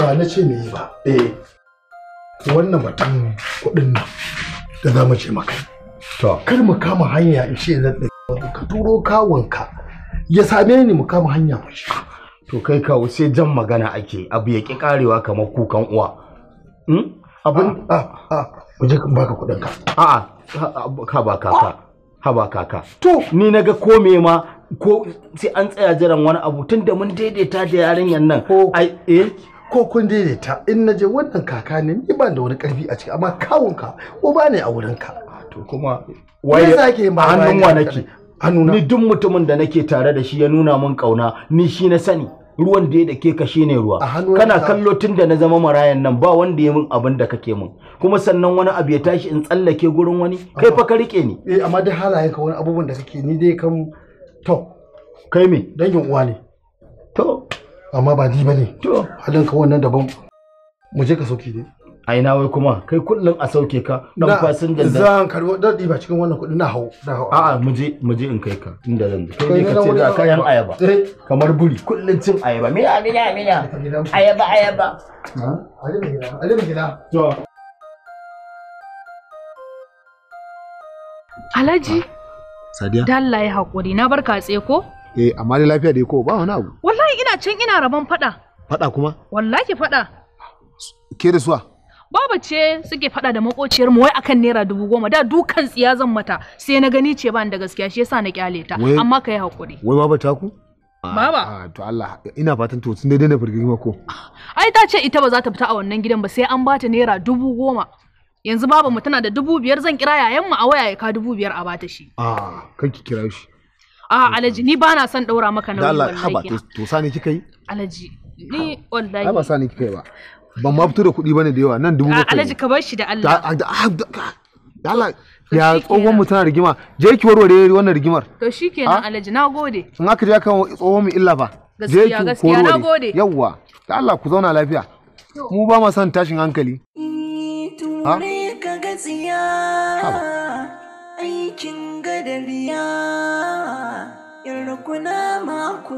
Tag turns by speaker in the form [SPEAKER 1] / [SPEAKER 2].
[SPEAKER 1] ba na ce me yi ba eh wannan mutum kudin nan da za mu ce maka to kar mu kama hanya in ce zan ka turo kawunka ya same ni mu kama hanya mu shi to kai
[SPEAKER 2] kawo sai jan magana ake abu ya ki karewa kamar kukan uwa hmm? abin ku
[SPEAKER 1] ah, ah, ah. je baka kudin ka
[SPEAKER 2] a ka ba kaka ha ba kaka to ni naga ko me ma ko sai an tsaya jiran wani abu tun da mun daidaita da
[SPEAKER 1] yarinyar nan ai eh ko kun daidaita in na je wannan kaka ne ni ban da wani karfi a ciki amma kawunka uba ne a wurinka to kuma waye sake ma hannun wa nake
[SPEAKER 2] hannuna ni duk mutumin da nake tare da shi ya nuna min kauna ni shi na sani ruwan da ya dake ka shine ruwa kana kallo tun da na zama marayan nan ba wanda ya min abin da kake min kuma sannan wani abu ya tashi in tsallake gurin wani kai fa ka rike ni
[SPEAKER 1] eh amma duk halayen ka wani abubuwan da kake ni dai kan to kai me dangin uwa ne to amma ba di bane to halin ka wannan daban mu je ka sauke ne ai na wai kuma kai kullun a sauke ka dan fasin da zan karbo di ba cikin wannan kudi na hau na hawo a'a mu
[SPEAKER 2] je mu je in kai ka inda zan kai ne ka ce da kayan ayaba eh. kamar buri kullun cin ayaba me ya me
[SPEAKER 1] ya me ya ayaba ayaba ha ali gida ali mu gida
[SPEAKER 3] to Alhaji Sadiya
[SPEAKER 4] Dalla ya haƙuri na barka tsaye ko
[SPEAKER 3] eh amma dai lafiya dai ko ba wani abu
[SPEAKER 4] wallahi ina can ina rabon fada fada kuma wallahi fada ke da suwa baba ce suke fada da makociyar mu wai akan naira dubu goma da dukan tsiya zan mata sai na gani ce ba da gaskiya shi yasa na kyale ta amma kai hakuri
[SPEAKER 3] wai baba ta ku Baba. Ah, to Allah, ina fatan to sun daidai na firgima ko.
[SPEAKER 4] Ai ta ce ita ba za ta fita a wannan gidan ba sai an bata naira dubu goma. Yanzu baba mu tana da dubu biyar zan kira yayan mu a waya ya ka dubu biyar a bata shi.
[SPEAKER 3] Ah, kanki ki kira shi.
[SPEAKER 4] a ah, alaji ni ba na son daura maka nauyi wallahi haba
[SPEAKER 3] to sani kika yi
[SPEAKER 4] alaji ni wallahi ba
[SPEAKER 3] sani kika yi ba ban ma fito da kuɗi bane da yawa nan dubu ah, bakwai alaji
[SPEAKER 4] ka bar shi da Allah ah, Allah
[SPEAKER 3] ya tsohon mu rigima je ki warware wannan rigimar
[SPEAKER 4] to shikenan alaji na gode
[SPEAKER 3] in aka je aka tsohon mu illa ba. gaskiya gaskiya na gode yawwa da Allah ku zauna lafiya mu ba ma son tashin hankali
[SPEAKER 4] Ha? ha? aikin gadariya, yar rukuna mako.